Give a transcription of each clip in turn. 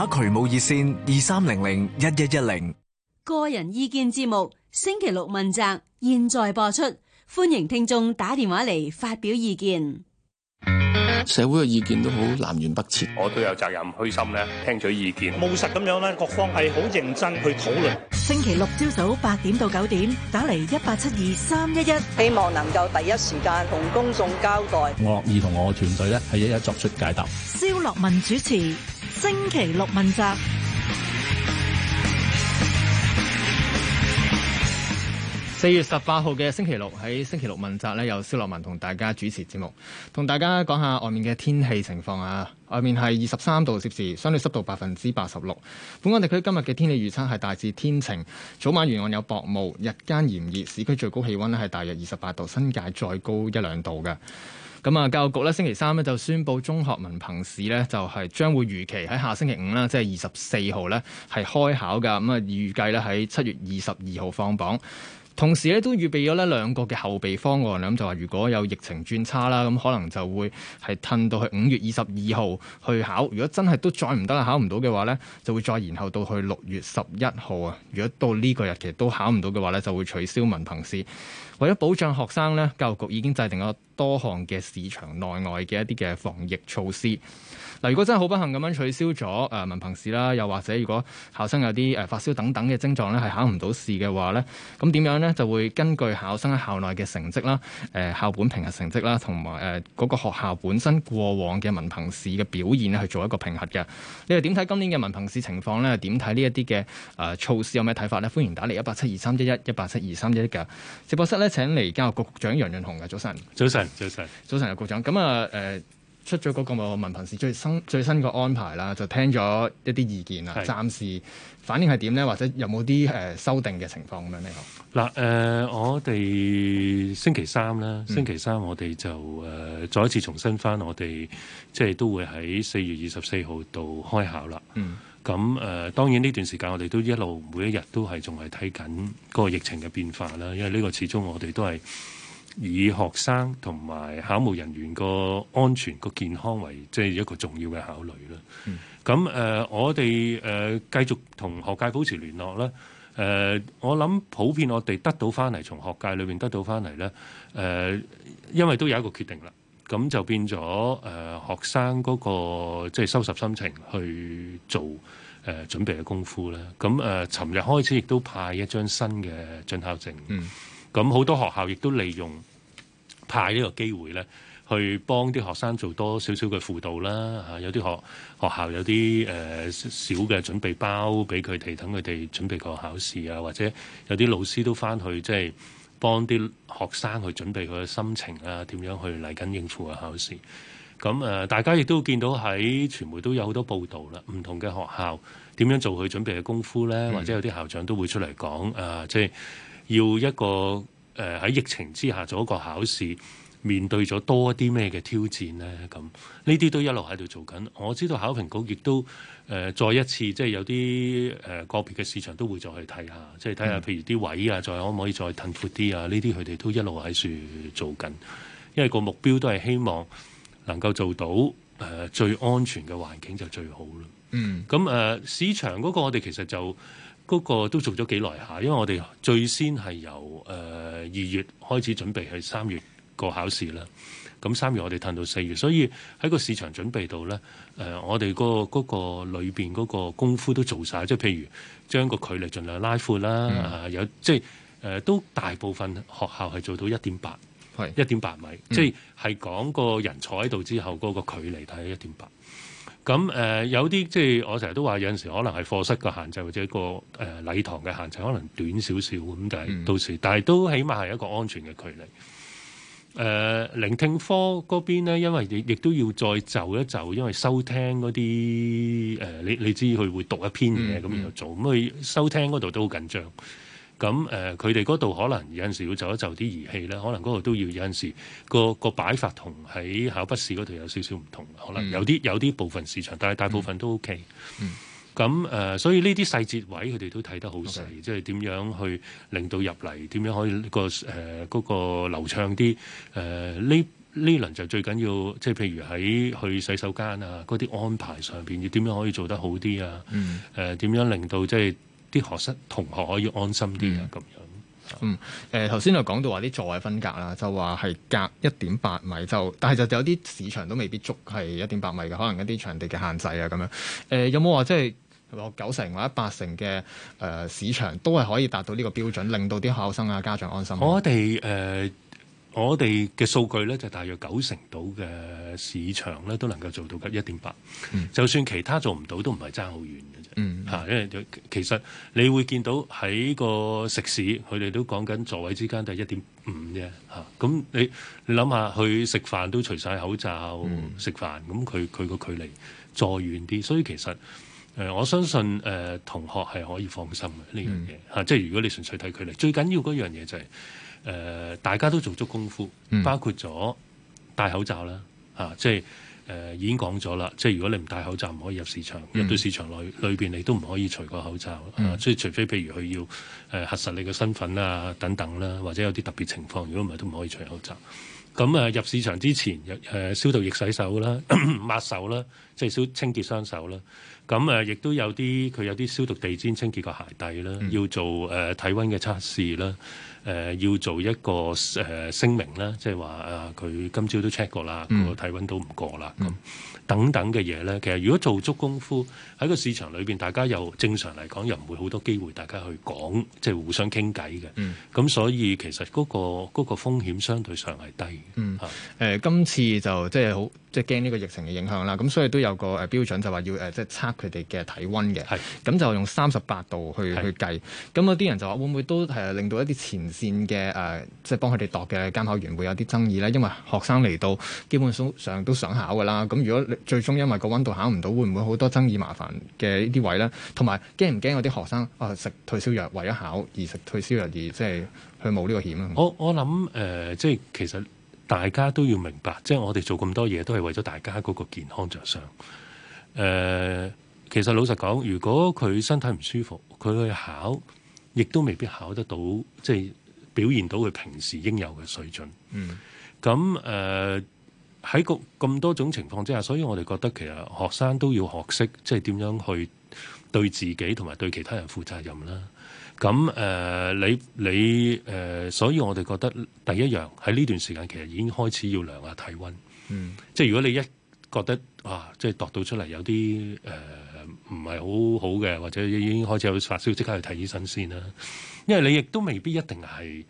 打渠務熱線二三零零一一一零。個人意見節目，星期六問責，現在播出，歡迎聽眾打電話嚟發表意見。社會嘅意見都好南轅北轍，我都有責任虛心咧聽取意見，務實咁樣咧，各方係好認真去討論。星期六朝早八點到九點，打嚟一八七二三一一，希望能夠第一時間同公眾交代。我樂意同我嘅團隊咧，係一一作出解答。肖樂文主持。星期六問責。四月十八號嘅星期六喺星期六問責呢，由蕭樂文同大家主持節目，同大家講下外面嘅天氣情況啊。外面係二十三度攝氏，相對濕度百分之八十六。本港地區今日嘅天氣預測係大致天晴，早晚沿岸有薄霧，日間炎熱，市區最高氣温呢係大約二十八度，新界再高一兩度嘅。咁啊，教育局咧星期三咧就宣布，中學文憑試咧就係、是、將會預期喺下星期五啦，即係二十四號咧係開考㗎，咁啊，預計咧喺七月二十二號放榜。同時咧，都預備咗咧兩個嘅後備方案。咁就話如果有疫情轉差啦，咁可能就會係褪到去五月二十二號去考。如果真係都再唔得啦，考唔到嘅話呢，就會再延後到去六月十一號啊。如果到呢個日期都考唔到嘅話呢，就會取消文憑試。為咗保障學生咧，教育局已經制定咗多項嘅試場內外嘅一啲嘅防疫措施。嗱，如果真係好不幸咁樣取消咗誒、呃、文憑試啦，又或者如果考生有啲誒、呃、發燒等等嘅症狀咧，係考唔到試嘅話咧，咁點樣咧就會根據考生喺校內嘅成績啦、誒、呃、校本評核成績啦，同埋誒嗰個學校本身過往嘅文憑試嘅表現去做一個評核嘅。你哋點睇今年嘅文憑試情況咧？點睇呢一啲嘅誒措施有咩睇法咧？歡迎打嚟一八七二三一一一八七二三一一嘅直播室咧，請嚟教育局局長楊潤雄嘅早晨。早晨，早晨,早晨，早晨，局長。咁啊誒。呃呃出咗嗰個文憑試最新最新嘅安排啦，就聽咗一啲意見啦。是暫時反應係點咧？或者有冇啲誒修訂嘅情況咧？你好。嗱誒、呃，我哋星期三咧，星期三我哋就誒、呃、再一次重申返，我哋即係都會喺四月二十四號度開考啦。嗯。咁誒、呃，當然呢段時間我哋都一路每一日都係仲係睇緊嗰個疫情嘅變化啦。因為呢個始終我哋都係。以學生同埋考務人員個安全個健康為即係一個重要嘅考慮啦。咁誒、嗯呃，我哋誒、呃、繼續同學界保持聯絡啦。誒、呃，我諗普遍我哋得到翻嚟，從學界裏面得到翻嚟咧。誒、呃，因為都有一個決定啦。咁就變咗誒、呃、學生嗰、那個即係收拾心情去做誒、呃、準備嘅功夫啦。咁誒，尋、呃、日開始亦都派一張新嘅准考證。咁好、嗯、多學校亦都利用。派呢個機會咧，去幫啲學生做多少少嘅輔導啦，嚇、啊、有啲學學校有啲誒少嘅準備包俾佢哋，等佢哋準備個考試啊，或者有啲老師都翻去即係幫啲學生去準備佢嘅心情啊，點樣去嚟緊應付個考試。咁、啊、誒，大家亦都見到喺傳媒都有好多報道啦，唔同嘅學校點樣做佢準備嘅功夫咧，或者有啲校長都會出嚟講誒，即、啊、係、就是、要一個。誒喺疫情之下做一個考試，面對咗多啲咩嘅挑戰呢？咁呢啲都一路喺度做緊。我知道考評局亦都誒、呃、再一次，即係有啲誒個別嘅試場都會再去睇下，即係睇下譬如啲位啊，再可唔可以再騰闊啲啊？呢啲佢哋都一路喺處做緊，因為個目標都係希望能夠做到誒、呃、最安全嘅環境就最好啦。嗯，咁誒、呃、試場嗰個我哋其實就。嗰個都做咗幾耐下，因為我哋最先係由誒二、呃、月開始準備去，係三月個考試啦。咁三月我哋褪到四月，所以喺個市場準備度咧，誒、呃、我哋、那個嗰、那個裏邊嗰個功夫都做晒。即係譬如將個距離盡量拉闊啦、嗯啊。有即係誒、呃，都大部分學校係做到一點八，係一點八米，嗯、即係係講個人坐喺度之後嗰、那個距離睇一點八。咁誒、呃、有啲即係我成日都話有陣時可能係課室嘅限制或者一個誒、呃、禮堂嘅限制可能短少少咁，但係到時，嗯、但係都起碼係一個安全嘅距離。誒、呃、聆聽科嗰邊咧，因為亦亦都要再就一就，因為收聽嗰啲誒，你你知佢會讀一篇嘢咁，嗯、然後做咁佢、嗯嗯、收聽嗰度都好緊張。咁誒，佢哋嗰度可能有陣時要就一就啲儀器咧，可能嗰度都要有陣時個個擺法同喺考筆試嗰度有少少唔同，可能有啲有啲部分市場，但係大，大部分都 OK，嗯。咁、嗯、誒、呃，所以呢啲細節位佢哋都睇得好細，okay. 即係點樣去令到入嚟，點樣可以、嗰個誒嗰、呃嗰個、流暢啲？誒呢呢輪就最緊要，即係譬如喺去洗手間啊，嗰啲安排上邊要點樣可以做得好啲啊？嗯。誒點、呃、樣令到即係？啲學生同學可以安心啲啊，咁、嗯、樣。嗯，誒頭先就講到話啲座位分隔啦，就話係隔一點八米，就但係就有啲市場都未必足係一點八米嘅，可能一啲場地嘅限制啊咁樣。誒、呃、有冇話即係落九成或者八成嘅誒、呃、市場都係可以達到呢個標準，令到啲考生啊家長安心我、呃。我哋誒我哋嘅數據咧就大約九成到嘅市場咧都能夠做到嘅一點八，嗯、就算其他做唔到都唔係爭好遠嘅。嗯，嚇，因為其實你會見到喺個食肆，佢哋都講緊座位之間都係一點五啫，嚇、啊。咁你你諗下，去食飯都除晒口罩、嗯、食飯，咁佢佢個距離再遠啲，所以其實誒、呃，我相信誒、呃、同學係可以放心嘅呢、嗯、樣嘢嚇、啊。即係如果你純粹睇距離，最緊要嗰樣嘢就係誒，大家都做足功夫，嗯、包括咗戴口罩啦，嚇、啊，即係。誒、呃、已經講咗啦，即係如果你唔戴口罩唔可以入市場，嗯、入到市場內裏邊你都唔可以除個口罩，即係、嗯啊、除非譬如佢要誒、呃、核實你嘅身份啊等等啦、啊，或者有啲特別情況，如果唔係都唔可以除口罩。咁誒入市場之前，誒消毒液洗手啦， 抹手啦，即係消清潔雙手啦。咁誒亦都有啲佢有啲消毒地氈，清潔個鞋底啦，要做誒體温嘅測試啦，誒要做一個誒聲明啦，即係話啊佢今朝都 check 過啦，個、嗯、體温都唔過啦咁。等等嘅嘢咧，其實如果做足功夫喺個市場裏邊，大家又正常嚟講又唔會好多機會，大家去講即係互相傾偈嘅。咁、嗯、所以其實嗰個嗰個風險相對上係低嘅。嗯誒是、呃，今次就即係好。即係驚呢個疫情嘅影響啦，咁所以都有個誒標準就、呃，就話要誒即係測佢哋嘅體温嘅，咁是的 就用三十八度去是的 去計。咁有啲人就話會唔會都係令到一啲前線嘅誒，即、呃、係、就是、幫佢哋度嘅監考員會有啲爭議咧？因為學生嚟到基本上都想考㗎啦。咁如果最終因為個温度考唔到，會唔會好多爭議麻煩嘅呢啲位咧？同埋驚唔驚有啲學生啊、呃、食退燒藥為咗考而食退燒藥而即係去冒呢個險咧？我我諗誒，即係其實。大家都要明白，即係我哋做咁多嘢都係為咗大家嗰個健康着想。誒、呃，其實老實講，如果佢身體唔舒服，佢去考，亦都未必考得到，即係表現到佢平時應有嘅水準。嗯。咁誒，喺咁多種情況之下，所以我哋覺得其實學生都要學識，即係點樣去對自己同埋對其他人負責任啦。咁誒、呃，你你誒、呃，所以我哋覺得第一樣喺呢段時間其實已經開始要量下體温，嗯，即係如果你一覺得哇，即係度到出嚟有啲誒唔係好好嘅，或者已經開始有發燒，即刻去睇醫生先啦。因為你亦都未必一定係誒、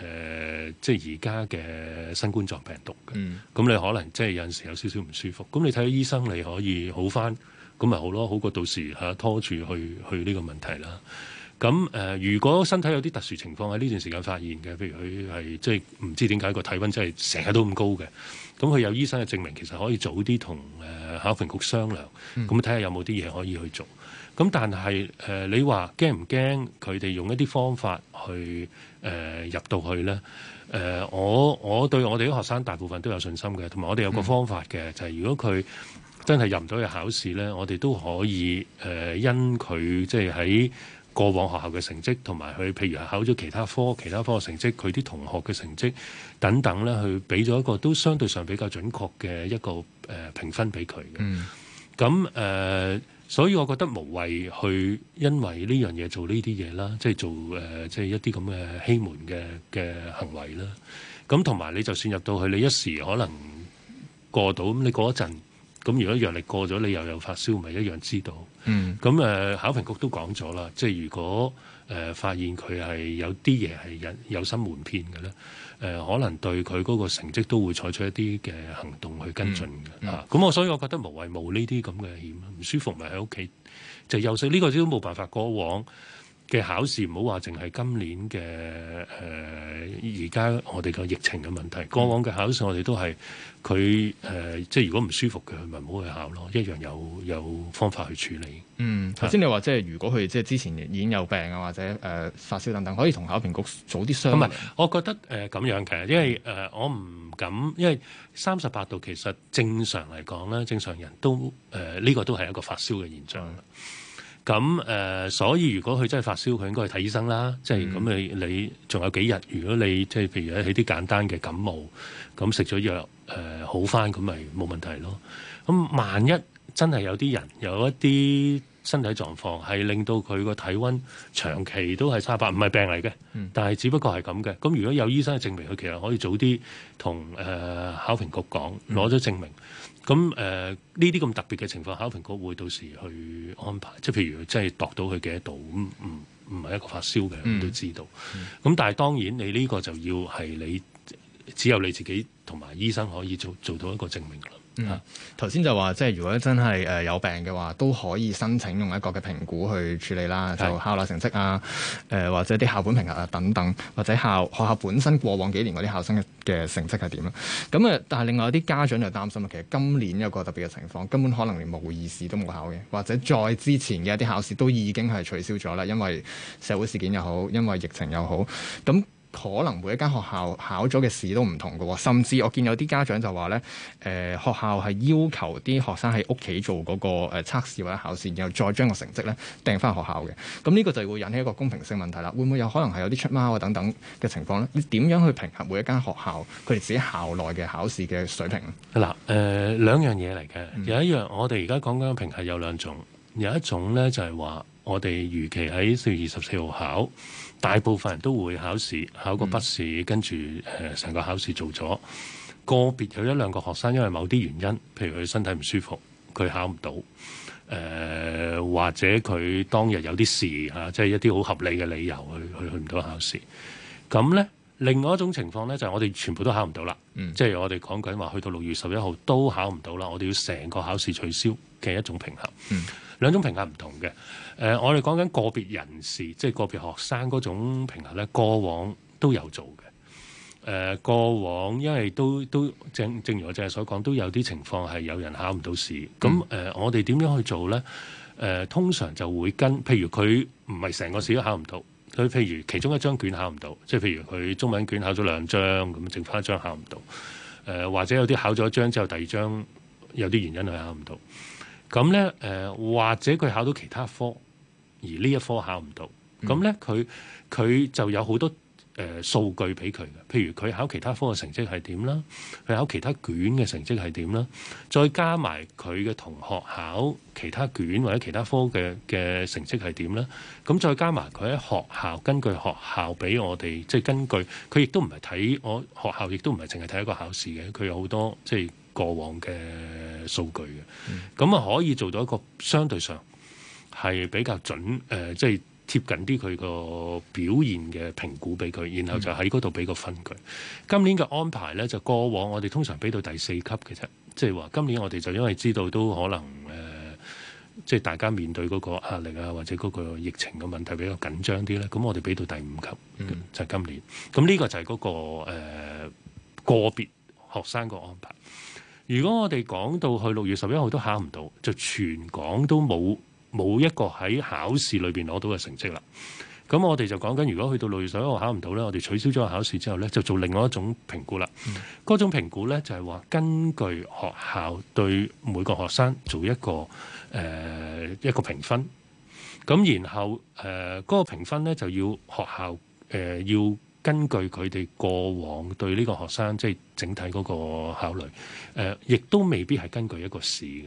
呃，即係而家嘅新冠狀病毒嘅，咁、嗯、你可能即係有陣時有少少唔舒服，咁你睇下醫生，你可以好翻，咁咪好咯，好過到時嚇、啊、拖住去去呢個問題啦。咁誒、呃，如果身體有啲特殊情況喺呢段時間發現嘅，譬如佢係即係唔知點解個體温真係成日都咁高嘅，咁佢有醫生嘅證明，其實可以早啲同誒考評局商量，咁睇下有冇啲嘢可以去做。咁但係誒、呃，你話驚唔驚佢哋用一啲方法去誒、呃、入到去咧？誒、呃，我我對我哋啲學生大部分都有信心嘅，同埋我哋有個方法嘅，嗯、就係如果佢真係入唔到去考試咧，我哋都可以誒、呃，因佢即係喺。過往學校嘅成績，同埋佢譬如考咗其他科、其他科嘅成績，佢啲同學嘅成績等等咧，去俾咗一個都相對上比較準確嘅一個誒評分俾佢嘅。咁誒、嗯呃，所以我覺得無謂去因為呢樣嘢做呢啲嘢啦，即係做誒、呃，即係一啲咁嘅欺瞞嘅嘅行為啦。咁同埋你就算入到去，你一時可能過到，咁你過一陣。咁如果藥力過咗，你又有發燒，咪一樣知道。咁誒、嗯嗯，考評局都講咗啦，即係如果誒、呃、發現佢係有啲嘢係有有心瞞騙嘅咧，誒、呃、可能對佢嗰個成績都會採取一啲嘅行動去跟進嘅嚇。咁我、嗯嗯啊、所以我覺得無謂冒呢啲咁嘅險，唔舒服咪喺屋企就休息。呢、呢個都冇辦法過往嘅考試唔好話淨係今年嘅誒，而家我哋個疫情嘅問題，過往嘅考試我哋都係佢誒，即係如果唔舒服嘅，咪唔好去考咯，一樣有有方法去處理。嗯，頭先你話即係如果佢即係之前已經有病啊，或者誒、呃、發燒等等，可以同考評局早啲商量。唔係、嗯，我覺得誒咁樣嘅，因為誒、呃、我唔敢，因為三十八度其實正常嚟講咧，正常人都誒呢個都係一個發燒嘅現象。嗯咁誒、呃，所以如果佢真係發燒，佢應該係睇醫生啦。即係咁、嗯，你你仲有幾日？如果你即係譬如起啲簡單嘅感冒，咁食咗藥誒好返，咁咪冇問題咯。咁萬一真係有啲人有一啲身體狀況係令到佢個體温長期都係三十八，唔係病嚟嘅，但係只不過係咁嘅。咁如果有醫生嘅證明，佢其實可以早啲同誒考評局講，攞咗證明。嗯嗯咁誒呢啲咁特別嘅情況，考評局會到時去安排，即係譬如佢真係度到佢幾多度，咁唔唔係一個發燒嘅，我都知道。咁、嗯、但係當然你呢個就要係你只有你自己同埋醫生可以做做到一個證明啦。嗯，頭先就話即係如果真係誒有病嘅話，都可以申請用一個嘅評估去處理啦，就校內成績啊，誒、呃、或者啲校本評核啊等等，或者校學校本身過往幾年嗰啲考生嘅成績係點啦。咁啊，但係另外有啲家長就擔心啦，其實今年有個特別嘅情況，根本可能連模擬試都冇考嘅，或者再之前嘅一啲考試都已經係取消咗啦，因為社會事件又好，因為疫情又好，咁。可能每一間學校考咗嘅試都唔同嘅喎、哦，甚至我見有啲家長就話咧，誒、呃、學校係要求啲學生喺屋企做嗰個誒測試或者考試，然後再將個成績咧掟翻學校嘅。咁呢個就會引起一個公平性問題啦。會唔會有可能係有啲出貓啊等等嘅情況咧？你點樣去平衡每一間學校佢哋自己校內嘅考試嘅水平？嗱、啊，誒、呃、兩樣嘢嚟嘅，嗯、有一樣我哋而家講緊嘅平衡有兩種，有一種咧就係、是、話我哋預期喺四月二十四號考。大部分人都會考試，考個筆試，跟住誒成個考試做咗。個別有一兩個學生因為某啲原因，譬如佢身體唔舒服，佢考唔到。誒、呃、或者佢當日有啲事嚇、啊，即係一啲好合理嘅理由，去去唔到考試。咁呢，另外一種情況呢，就係、是、我哋全部都考唔到啦。嗯、即係我哋講緊話，去到六月十一號都考唔到啦。我哋要成個考試取消嘅一種評核，嗯、兩種評核唔同嘅。誒、呃，我哋講緊個別人士，即係個別學生嗰種評核咧，過往都有做嘅。誒、呃，過往因為都都正正如我正係所講，都有啲情況係有人考唔到試。咁誒、嗯呃，我哋點樣去做咧？誒、呃，通常就會跟，譬如佢唔係成個試都考唔到，佢譬如其中一張卷考唔到，即係譬如佢中文卷考咗兩張，咁剩翻一張考唔到。誒、呃，或者有啲考咗一張之後，第二張有啲原因佢考唔到。咁咧，誒、呃，或者佢考到其他科。而呢一科考唔到，咁呢，佢佢就有好多誒數據俾佢嘅，譬如佢考其他科嘅成績係點啦，佢考其他卷嘅成績係點啦，再加埋佢嘅同學考其他卷或者其他科嘅嘅成績係點啦，咁再加埋佢喺學校根據學校俾我哋，即係根據佢亦都唔係睇我學校，亦都唔係淨係睇一個考試嘅，佢有好多即係過往嘅數據嘅，咁啊可以做到一個相對上。係比較準誒，即係貼近啲佢個表現嘅評估，俾佢，然後就喺嗰度俾個分佢。今年嘅安排呢，就過往我哋通常俾到第四級嘅啫，即係話今年我哋就因為知道都可能誒，即係大家面對嗰個壓力啊，或者嗰個疫情嘅問題比較緊張啲呢。咁我哋俾到第五級就係今年。咁呢個就係嗰個誒個別學生個安排。如果我哋講到去六月十一號都考唔到，就全港都冇。冇一個喺考試裏邊攞到嘅成績啦。咁我哋就講緊，如果去到六月十一號考唔到呢，我哋取消咗考試之後呢，就做另外一種評估啦。嗰、嗯、種評估呢，就係話，根據學校對每個學生做一個誒、呃、一個評分。咁然後誒嗰、呃那個評分呢，就要學校誒、呃、要根據佢哋過往對呢個學生即係、就是、整體嗰個考慮、呃。亦都未必係根據一個試嘅。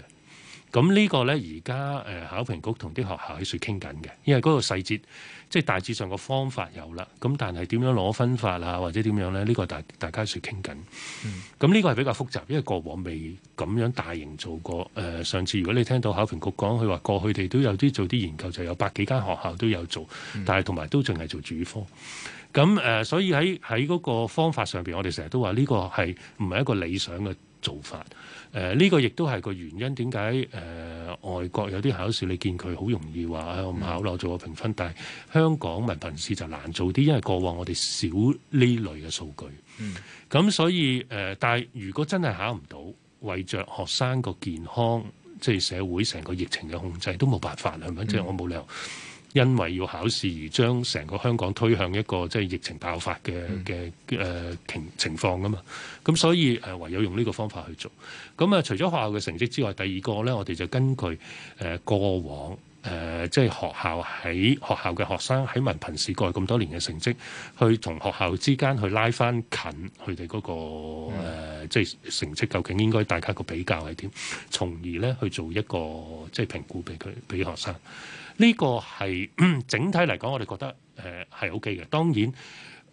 咁呢個呢，而家誒考評局同啲學校喺度傾緊嘅，因為嗰個細節，即係大致上個方法有啦。咁但係點樣攞分法啊，或者點樣呢？呢、這個大大家喺度傾緊。咁呢、嗯、個係比較複雜，因為過往未咁樣大型做過。誒、呃、上次如果你聽到考評局講，佢話過去哋都有啲做啲研究，就有百幾間學校都有做，但係同埋都淨係做主科。咁誒、呃，所以喺喺嗰個方法上邊，我哋成日都話呢個係唔係一個理想嘅做法，誒、呃、呢、這個亦都係個原因點解誒外國有啲考試你見佢好容易話、嗯、啊考落做個評分，但係香港文憑試就難做啲，因為過往我哋少呢類嘅數據。嗯，咁所以誒、呃，但係如果真係考唔到，為着學生個健康，嗯、即係社會成個疫情嘅控制都冇辦法，係咪？即係、嗯、我冇理由。因為要考試而將成個香港推向一個即係疫情爆發嘅嘅誒情情況啊嘛，咁所以誒、呃、唯有用呢個方法去做。咁啊，除咗學校嘅成績之外，第二個呢，我哋就根據誒、呃、過往。誒、呃，即係學校喺學校嘅學生喺文憑試過去咁多年嘅成績，去同學校之間去拉翻近佢哋嗰個誒、嗯呃，即係成績究竟應該大家個比較係點，從而咧去做一個即係評估俾佢俾學生。呢、這個係、嗯、整體嚟講，我哋覺得誒係 O K 嘅。當然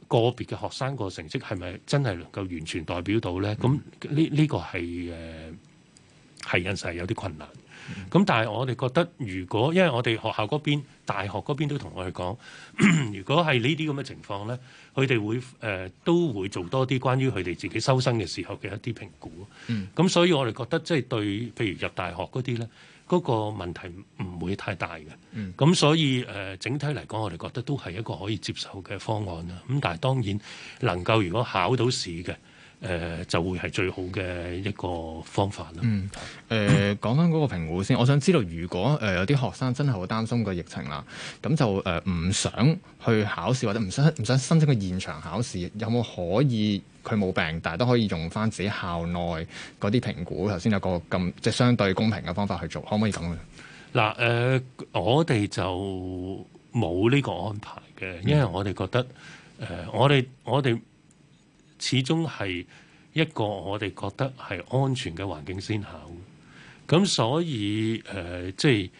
個別嘅學生個成績係咪真係能夠完全代表到咧？咁呢呢個係誒係引晒有啲困難。咁、嗯、但係我哋覺得，如果因為我哋學校嗰邊、大學嗰邊都同我哋講， 如果係呢啲咁嘅情況咧，佢哋會誒、呃、都會做多啲關於佢哋自己收生嘅時候嘅一啲評估。咁、嗯嗯、所以我哋覺得即係對，譬如入大學嗰啲咧，嗰、嗰個問題唔會太大嘅。咁、嗯嗯、所以誒、呃，整體嚟講，我哋覺得都係一個可以接受嘅方案啦。咁但係當然能夠如果考到試嘅，誒、呃、就會係最好嘅一個方法啦。嗯，誒講翻嗰個評估先，我想知道，如果誒、呃、有啲學生真係好擔心個疫情啦，咁就誒唔、呃、想去考試或者唔想唔想申請個現場考試，有冇可以？佢冇病，但係都可以用翻自己校內嗰啲評估，頭先有個咁即係相對公平嘅方法去做，可唔可以咁咧？嗱，誒、呃、我哋就冇呢個安排嘅，因為我哋覺得誒、呃、我哋我哋。我始終係一個我哋覺得係安全嘅環境先考，咁所以誒、呃，即係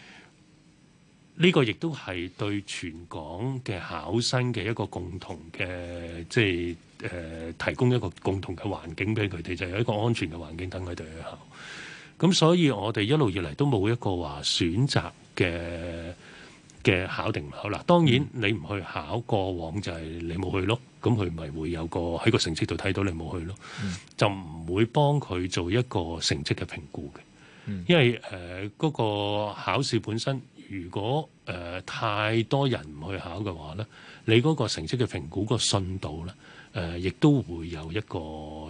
呢、這個亦都係對全港嘅考生嘅一個共同嘅，即係誒、呃、提供一個共同嘅環境俾佢哋，就係、是、一個安全嘅環境等佢哋去考。咁所以，我哋一路以嚟都冇一個話選擇嘅。嘅考定好啦，當然你唔去考，過往就係你冇去咯，咁佢咪會有個喺個成績度睇到你冇去咯，就唔會幫佢做一個成績嘅評估嘅，因為誒、呃嗰個考試本身，如果誒、呃、太多人唔去考嘅話咧，你嗰個成績嘅評估個信度咧。誒，亦、呃、都會有一個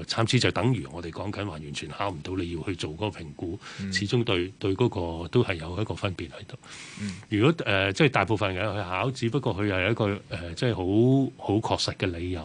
參差，就等於我哋講緊話，完全考唔到你要去做嗰個評估，嗯、始終對對嗰個都係有一個分別喺度。嗯、如果誒，即、呃、係、就是、大部分人去考，只不過佢有一個誒，即係好好確實嘅理由。誒、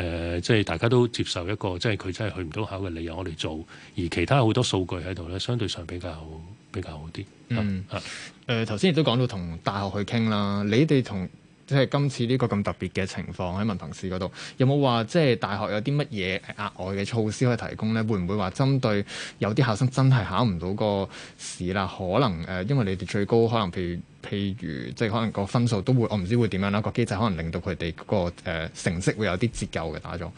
呃，即、就、係、是、大家都接受一個，即係佢真係去唔到考嘅理由，我哋做。而其他好多數據喺度咧，相對上比較比較好啲。嗯啊。誒、呃，頭先亦都講到同大學去傾啦，你哋同。即係今次呢個咁特別嘅情況喺文憑試嗰度，有冇話即係大學有啲乜嘢額外嘅措施可以提供咧？會唔會話針對有啲考生真係考唔到個試啦？可能誒、呃，因為你哋最高可能譬如。譬如即係可能個分數都會，我唔知會點樣啦。個機制可能令到佢哋、個誒、呃、成績會有啲折扣嘅，打咗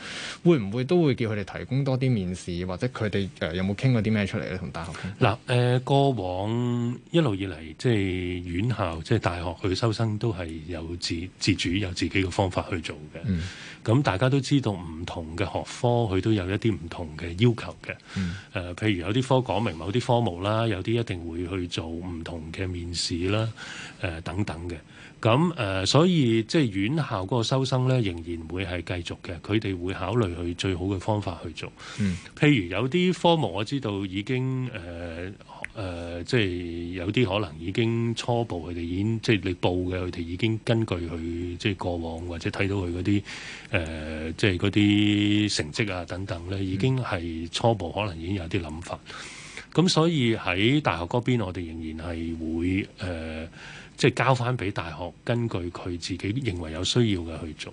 會唔會都會叫佢哋提供多啲面試，或者佢哋誒有冇傾過啲咩出嚟咧？同大學嗱誒過、呃、過往一路以嚟，即、就、係、係、院校即係、就係、大學去收生都係有自自主有自己嘅方法去做嘅。嗯。咁大家都知道唔同嘅學科，佢都有一啲唔同嘅要求嘅。誒、嗯呃，譬如有啲科講明某啲科目啦，有啲一定會去做唔同嘅面試啦，誒、呃、等等嘅。咁、嗯、誒、呃，所以即係、就是、院校嗰個收生咧，仍然會係繼續嘅。佢哋會考慮去最好嘅方法去做。嗯，譬如有啲科目我知道已經誒。呃誒、呃，即係有啲可能已經初步，佢哋已經即係你報嘅，佢哋已經根據佢即係過往或者睇到佢嗰啲誒，即係嗰啲成績啊等等咧，已經係初步可能已經有啲諗法。咁所以喺大學嗰邊，我哋仍然係會誒、呃，即係交翻俾大學，根據佢自己認為有需要嘅去做。誒、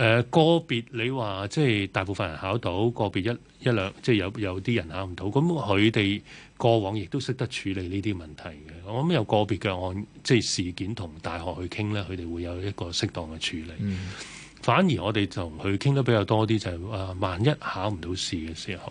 呃，個別你話即係大部分人考到，個別一一兩即係有有啲人考唔到，咁佢哋，過往亦都識得處理呢啲問題嘅，我諗有個別嘅案即事件同大學去傾咧，佢哋會有一個適當嘅處理。嗯、反而我哋就同佢傾得比較多啲就係話，萬一考唔到試嘅時候，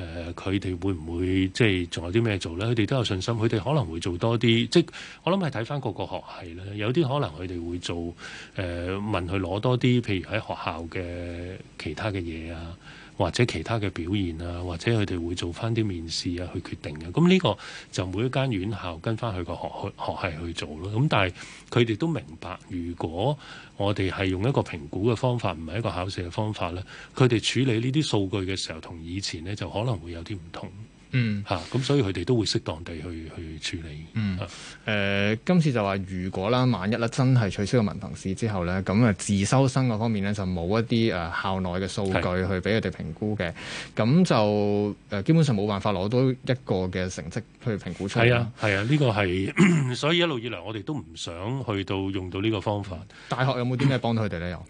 誒佢哋會唔會即仲有啲咩做咧？佢哋都有信心，佢哋可能會做多啲。即我諗係睇翻各個學系咧，有啲可能佢哋會做誒、呃、問佢攞多啲，譬如喺學校嘅其他嘅嘢啊。或者其他嘅表現啊，或者佢哋會做翻啲面試啊去決定嘅，咁呢個就每一間院校跟翻佢個學學系去做咯。咁但係佢哋都明白，如果我哋係用一個評估嘅方法，唔係一個考試嘅方法咧，佢哋處理呢啲數據嘅時候，同以前呢，就可能會有啲唔同。嗯吓，咁、啊、所以佢哋都會適當地去去處理。嗯，誒、啊呃，今次就話如果啦，萬一啦，真係取消個文憑試之後咧，咁啊自修生嗰方面咧就冇一啲誒、呃、校內嘅數據去俾佢哋評估嘅，咁、啊、就誒、呃、基本上冇辦法攞到一個嘅成績去評估出。係啊，係啊，呢、這個係， 所以一路以嚟我哋都唔想去到用到呢個方法。大學有冇啲咩幫到佢哋咧？有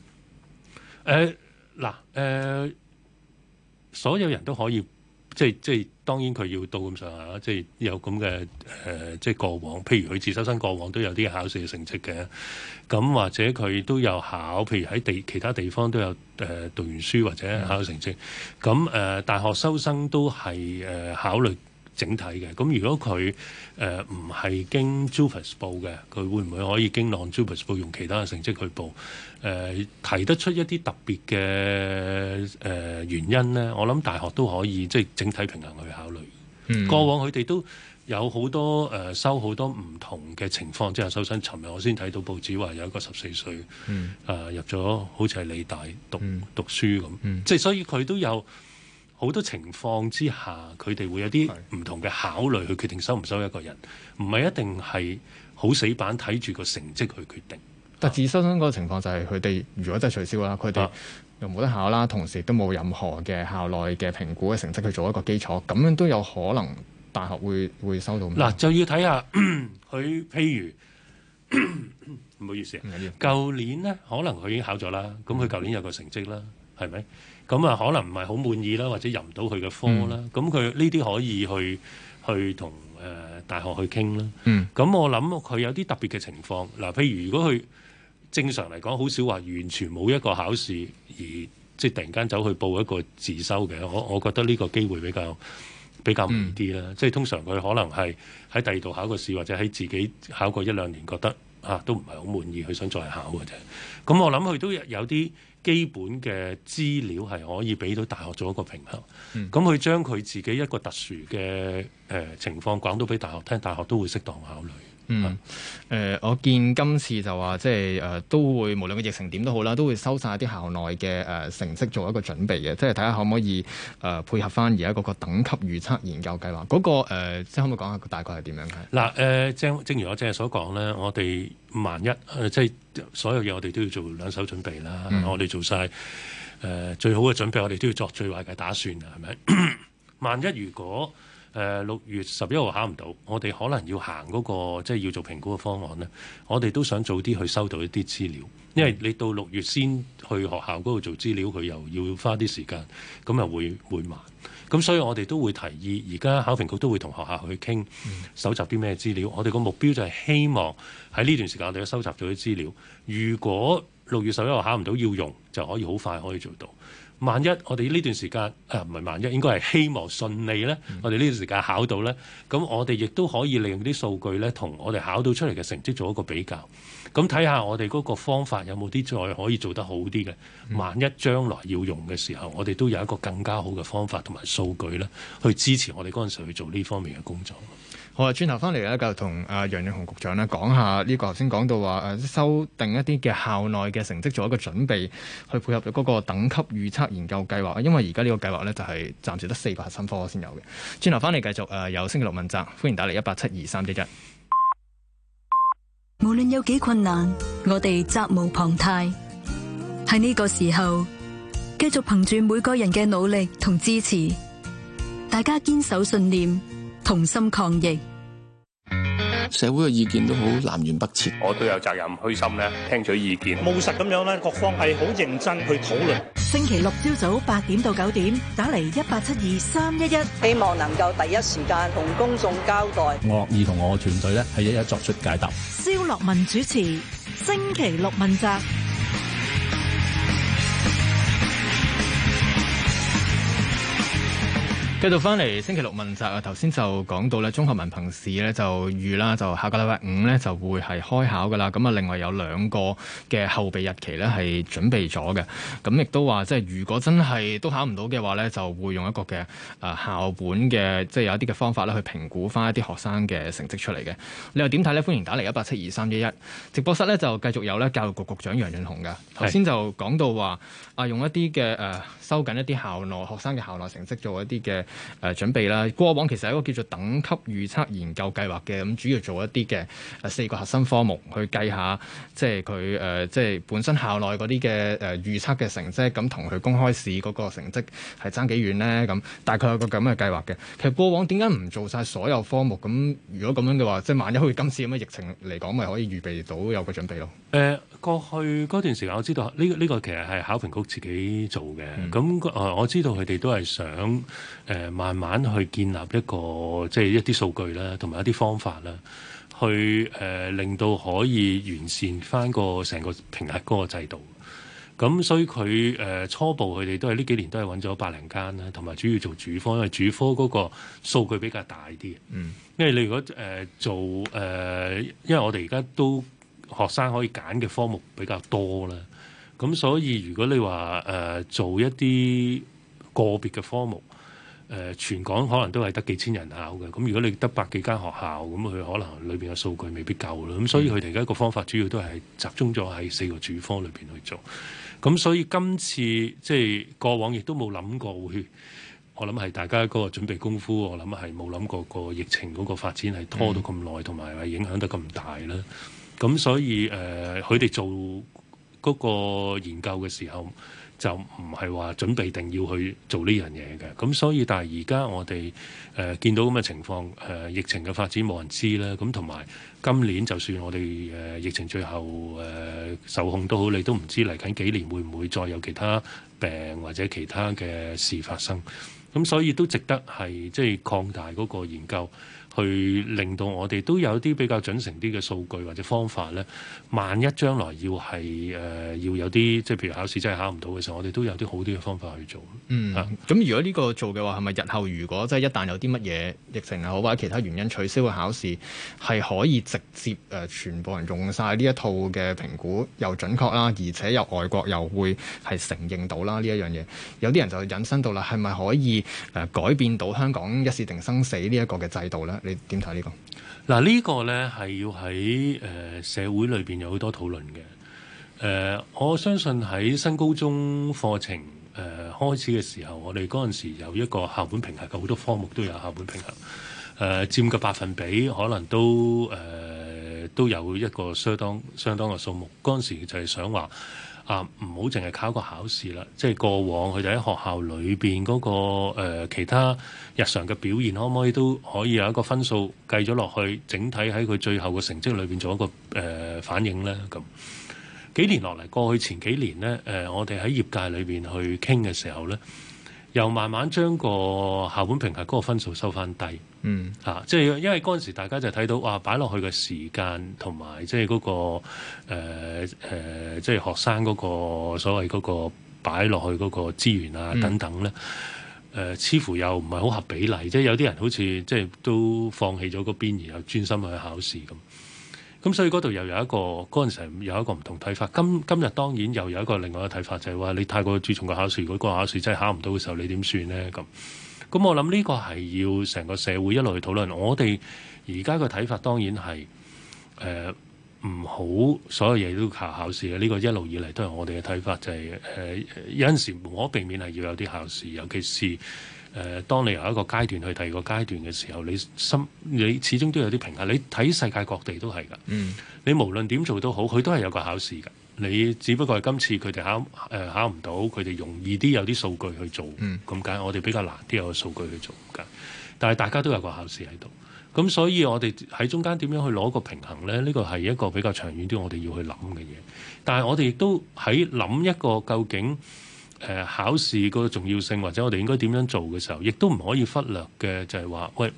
誒，嗱， 誒、呃呃呃，所有人都可以。即係即係，當然佢要到咁上下啦。即係有咁嘅誒，即係過往，譬如佢自修生過往都有啲考試嘅成績嘅。咁或者佢都有考，譬如喺地其他地方都有誒、呃、讀完書或者考成績。咁誒、呃、大學修生都係誒、呃、考慮。整體嘅，咁如果佢誒唔係經 JUPAS 報嘅，佢會唔會可以經 non- JUPAS 報用其他嘅成績去報？誒、呃、提得出一啲特別嘅誒原因咧？我諗大學都可以即係整體平衡去考慮。嗯、過往佢哋都有好多誒、呃、收好多唔同嘅情況，即係首先尋日我先睇到報紙話有一個十四歲誒入咗好似係理大讀、嗯、讀書咁，嗯、即係所以佢都有。好多情況之下，佢哋會有啲唔同嘅考慮去決定收唔收一個人，唔係一定係好死板睇住個成績去決定。但自修生嗰個情況就係佢哋，如果真係取消啦，佢哋又冇得考啦，同時都冇任何嘅校內嘅評估嘅成績去做一個基礎，咁樣都有可能大學會會收到。嗱，就要睇下佢， 譬如唔 好意思啊，舊年呢可能佢已經考咗啦，咁佢舊年有個成績啦，係咪？咁啊，可能唔係好滿意啦，或者入唔到佢嘅科啦。咁佢呢啲可以去去同誒大學去傾啦。咁、嗯、我諗佢有啲特別嘅情況。嗱，譬如如果佢正常嚟講，好少話完全冇一個考試而即係突然間走去報一個自修嘅。我我覺得呢個機會比較比較微啲啦。嗯、即係通常佢可能係喺第二度考個試，或者喺自己考過一兩年，覺得啊都唔係好滿意，佢想再考嘅啫。咁我諗佢都有啲。基本嘅資料係可以俾到大學做一個平衡。嗯，咁佢將佢自己一個特殊嘅誒、呃、情況講到俾大學聽，大學都會適當考慮。嗯，誒、呃，我見今次就話，即係誒、呃，都會無論個疫情點都好啦，都會收晒啲校內嘅誒、呃、成績，做一個準備嘅，即係睇下可唔可以誒、呃、配合翻而家嗰個等級預測研究計劃嗰、嗰個、呃、即係可唔可以講下大概係點樣嘅？嗱，誒、呃，正正如我即係所講咧，我哋萬一誒、呃，即係所有嘢我哋都要做兩手準備啦。嗯、我哋做晒誒、呃、最好嘅準備，我哋都要作最壞嘅打算，係咪？ 萬一如果，誒，六月十一號考唔到，我哋可能要行嗰個即係要做評估嘅方案呢，我哋都想早啲去收到一啲資料，因為你到六月先去學校嗰度做資料，佢又要花啲時間，咁又會會慢。咁所以我哋都會提議，而家考評局都會同學校去傾，蒐集啲咩資料。我哋個目標就係希望喺呢段時間，我哋去收集咗啲資料。如果六月十一號考唔到要用，就可以好快可以做到。萬一我哋呢段時間，啊唔係萬一，應該係希望順利呢。我哋呢段時間考到呢，咁、嗯、我哋亦都可以利用啲數據呢，同我哋考到出嚟嘅成績做一個比較，咁睇下我哋嗰個方法有冇啲再可以做得好啲嘅。萬一將來要用嘅時候，我哋都有一個更加好嘅方法同埋數據呢，去支持我哋嗰陣時去做呢方面嘅工作。好啊，轉頭翻嚟咧，繼續同啊楊潤雄局長咧講下呢個頭先講到話誒、啊、修訂一啲嘅校內嘅成績做一個準備，去配合嗰個等級預測研究計劃，因為而家呢個計劃咧就係暫時得四個核心科先有嘅。轉頭翻嚟繼續誒，有、啊、星期六問責，歡迎打嚟一八七二三一一。無論有幾困難，我哋責無旁貸。喺呢個時候，繼續憑住每個人嘅努力同支持，大家堅守信念。同心抗疫，社會嘅意見都好南轅北轍，我都有責任虛心聽取意見，務實咁樣各方係好認真去討論。星期六朝早八點到九點，打嚟一八七二三一一，希望能夠第一時間同公眾交代，我樂意同我嘅團隊係一一作出解答。蕭樂文主持星期六問責。繼續翻嚟星期六問責啊！頭先就講到咧，中學文憑試咧就預啦，就下個禮拜五咧就會係開考噶啦。咁啊，另外有兩個嘅後備日期咧係準備咗嘅。咁亦都話即係如果真係都考唔到嘅話咧，就會用一個嘅誒校本嘅，即係有一啲嘅方法咧，去評估翻一啲學生嘅成績出嚟嘅。你又點睇咧？歡迎打嚟一八七二三一一直播室咧，就繼續有咧教育局局長楊潤雄嘅，頭先就講到話是啊，用一啲嘅誒收緊一啲校內學生嘅校內成績做一啲嘅。誒、呃、準備啦！過往其實係一個叫做等級預測研究計劃嘅，咁、嗯、主要做一啲嘅四個核心科目去計下，即係佢誒，即係本身校內嗰啲嘅誒預測嘅成績，咁同佢公開試嗰個成績係爭幾遠呢？咁大概有個咁嘅計劃嘅。其實過往點解唔做晒所有科目？咁如果咁樣嘅話，即係萬一好似今次咁嘅疫情嚟講，咪可以預備到有個準備咯？誒、呃，過去嗰段時間我知道呢、呢個呢、呢個呢個其實係考評局自己做嘅。咁誒、嗯嗯嗯呃，我知道佢哋都係想。誒、呃，慢慢去建立一個即係一啲數據啦，同埋一啲方法啦，去誒、呃、令到可以完善翻個成個評核嗰個制度。咁所以佢誒、呃、初步，佢哋都係呢幾年都係揾咗百零間啦，同埋主要做主科，因為主科嗰個數據比較大啲。嗯，因為你如果誒、呃、做誒、呃，因為我哋而家都學生可以揀嘅科目比較多啦。咁所以如果你話誒、呃、做一啲個別嘅科目。誒，全港可能都係得幾千人考嘅，咁如果你得百幾間學校，咁佢可能裏邊嘅數據未必夠啦，咁所以佢哋而家個方法主要都係集中咗喺四個主科裏邊去做，咁所以今次即係過往亦都冇諗過會，我諗係大家嗰個準備功夫，我諗係冇諗過個疫情嗰個發展係拖到咁耐，同埋係影響得咁大啦，咁所以誒，佢哋做嗰個研究嘅時候。就唔係話準備定要去做呢樣嘢嘅，咁所以但係而家我哋誒、呃、見到咁嘅情況，誒、呃、疫情嘅發展冇人知啦，咁同埋今年就算我哋誒、呃、疫情最後誒、呃、受控都好，你都唔知嚟緊幾年會唔會再有其他病或者其他嘅事發生，咁所以都值得係即係擴大嗰個研究。去令到我哋都有啲比較準繩啲嘅數據或者方法咧，萬一將來要係誒、呃、要有啲即係譬如考試真係考唔到嘅時候，我哋都有啲好啲嘅方法去做。嗯，咁、啊、如果呢個做嘅話，係咪日後如果即係一旦有啲乜嘢疫情又好或者其他原因取消嘅考試，係可以直接誒、呃、全部人用晒呢一套嘅評估又準確啦，而且又外國又會係承認到啦呢一樣嘢。有啲人就引申到啦，係咪可以誒、呃、改變到香港一試定生死呢一個嘅制度咧？你點睇呢個？嗱，呢個呢係要喺誒、呃、社會裏邊有好多討論嘅。誒、呃，我相信喺新高中課程誒、呃、開始嘅時候，我哋嗰陣時有一個校本評核嘅，好多科目都有校本評核，誒、呃，佔嘅百分比可能都誒、呃、都有一個相當相當嘅數目。嗰陣時就係想話。啊！唔好淨係靠個考試啦，即係過往佢哋喺學校裏邊嗰個、呃、其他日常嘅表現，可唔可以都可以有一個分數計咗落去，整體喺佢最後嘅成績裏邊做一個誒、呃、反映呢？咁，幾年落嚟，過去前幾年呢，誒、呃、我哋喺業界裏邊去傾嘅時候呢。又慢慢將個校本評核嗰個分數收翻低，嗯嚇、啊，即係因為嗰陣時大家就睇到哇擺落去嘅時間同埋即係嗰、嗰個誒、呃呃、即係學生嗰個所謂嗰個擺落去嗰個資源啊等等咧，誒、嗯呃、似乎又唔係好合比例，即係有啲人好似即係都放棄咗嗰邊，然後專心去考試咁。咁所以嗰度又有一個嗰陣時有一個唔同睇法。今今日當然又有一個另外嘅睇法，就係話你太過注重個考試，如果個考試真係考唔到嘅時候，你點算呢？咁咁我諗呢個係要成個社會一路去討論。我哋而家嘅睇法當然係誒唔好所有嘢都靠考試嘅。呢個一路以嚟都係我哋嘅睇法，就係誒有陣時無可避免係要有啲考試，尤其是。誒，當你由一個階段去第二個階段嘅時候，你心你始終都有啲平衡。你睇世界各地都係㗎，嗯、你無論點做都好，佢都係有個考試㗎。你只不過係今次佢哋考誒、呃、考唔到，佢哋容易啲有啲數據去做，咁梗係我哋比較難啲有個數據去做㗎。但係大家都有個考試喺度，咁所以我哋喺中間點樣去攞個平衡咧？呢個係一個比較長遠啲我哋要去諗嘅嘢。但係我哋亦都喺諗一個究竟。誒考試個重要性，或者我哋應該點樣做嘅時候，亦都唔可以忽略嘅，就係話，喂，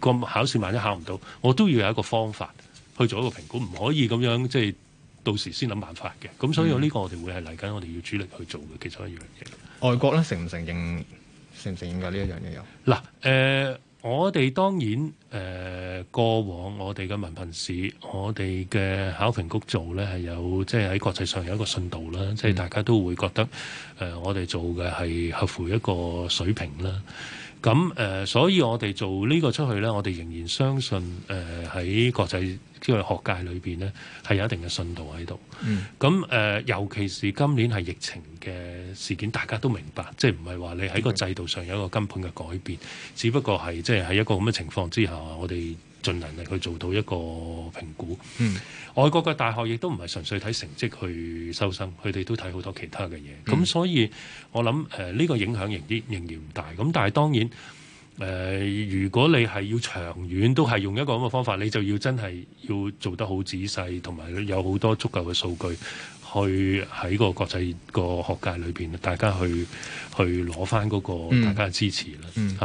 個考試萬一考唔到，我都要有一個方法去做一個評估，唔可以咁樣即係到時先諗辦法嘅。咁所以呢個我哋會係嚟緊，我哋要主力去做嘅其中一樣嘢。嗯、外國咧，承唔承認，承唔承認㗎呢一樣嘢有？嗱，誒、呃。我哋當然誒、呃，過往我哋嘅文憑試，我哋嘅考評局做呢係有，即係喺國際上有一個信度啦，即係大家都會覺得誒、呃，我哋做嘅係合乎一個水平啦。咁誒、呃，所以我哋做呢個出去咧，我哋仍然相信誒喺、呃、國際，即係學界裏邊咧，係有一定嘅信度喺度。咁誒、嗯呃、尤其是今年係疫情嘅事件，大家都明白，即係唔係話你喺個制度上有一個根本嘅改變，只不過係即係喺一個咁嘅情況之下，我哋。盡能力去做到一個評估。嗯、外國嘅大學亦都唔係純粹睇成績去收生，佢哋都睇好多其他嘅嘢。咁、嗯、所以我諗誒呢個影響仍啲仍然唔大。咁但係當然誒、呃，如果你係要長遠，都係用一個咁嘅方法，你就要真係要做得好仔細，同埋有好多足夠嘅數據。去喺個國際個學界裏邊，大家去去攞翻嗰個大家嘅支持啦嚇。誒、嗯，嗯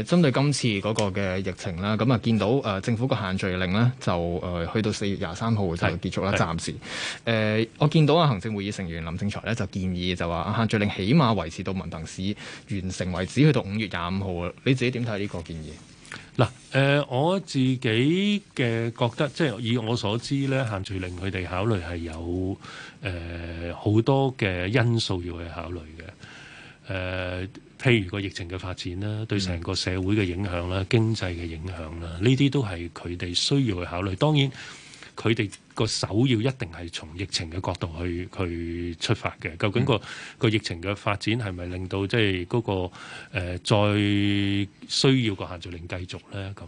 啊、針對今次嗰個嘅疫情啦，咁啊見到誒、呃、政府個限聚令呢，就誒、呃、去到四月廿三號就結束啦。暫時誒、呃，我見到啊行政會議成員林正財呢，就建議就話限聚令起碼維持到文憑試完成為止，去到五月廿五號啊。你自己點睇呢個建議？嗱，誒、呃、我自己嘅覺得，即係以我所知咧，限聚令佢哋考慮係有誒好、呃、多嘅因素要去考慮嘅。誒、呃，譬如個疫情嘅發展啦，對成個社會嘅影響啦，經濟嘅影響啦，呢啲都係佢哋需要去考慮。當然，佢哋，個首要一定係從疫情嘅角度去去出發嘅。究竟個個疫情嘅發展係咪令到即係嗰個誒再需要個限聚令繼續咧？咁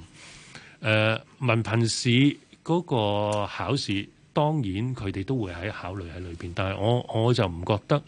誒文憑試嗰個考試，當然佢哋都會喺考慮喺裏邊，但係我我就唔覺得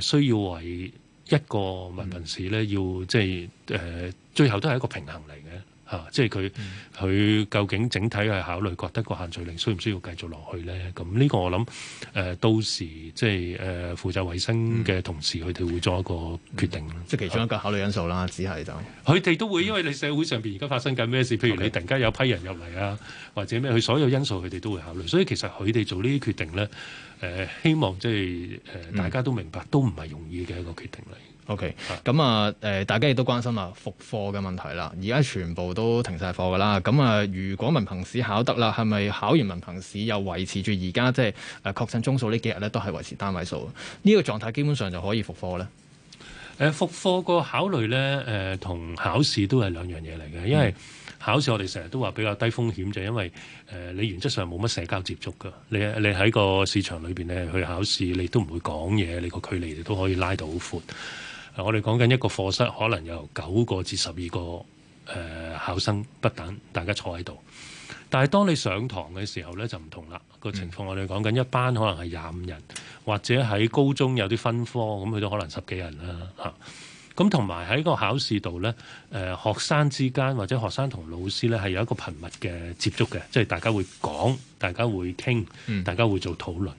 誒需要為一個文憑試咧要即係誒最後都係一個平衡嚟嘅。啊、即係佢佢究竟整體去考慮，覺得個限聚令需唔需要繼續落去咧？咁呢個我諗誒、呃，到時即係誒、呃、負責衛生嘅同事，佢哋會做一個決定，嗯嗯、即係其中一個考慮因素啦。只係就佢哋都會，嗯、因為你社會上邊而家發生緊咩事？譬如你突然間有批人入嚟啊，或者咩？佢所有因素佢哋都會考慮。所以其實佢哋做呢啲決定咧。誒、呃，希望即係誒，呃嗯、大家都明白，都唔係容易嘅一個決定嚟。OK，咁啊，誒、呃，大家亦都關心啦，復課嘅問題啦。而家全部都停晒課噶啦。咁啊，如果文憑試考得啦，係咪考完文憑試又維持住而家即係誒確診宗數呢幾日呢，都係維持單位數，呢、這個狀態基本上就可以復課咧？誒、呃，復課個考慮咧，誒、呃，同考試都係兩樣嘢嚟嘅，因為、嗯。考試我哋成日都話比較低風險，就因為誒、呃、你原則上冇乜社交接觸噶。你你喺個市場裏邊咧去考試，你都唔會講嘢，你個距離都可以拉到好闊。我哋講緊一個課室可能有九個至十二個誒、呃、考生不等，大家坐喺度。但係當你上堂嘅時候呢，就唔同啦。個情況我哋講緊一班可能係廿五人，或者喺高中有啲分科咁，佢都可能十幾人啦嚇。啊咁同埋喺個考試度咧，誒、呃、學生之間或者學生同老師咧係有一個頻密嘅接觸嘅，即係大家會講，大家會傾，大家會做討論。咁、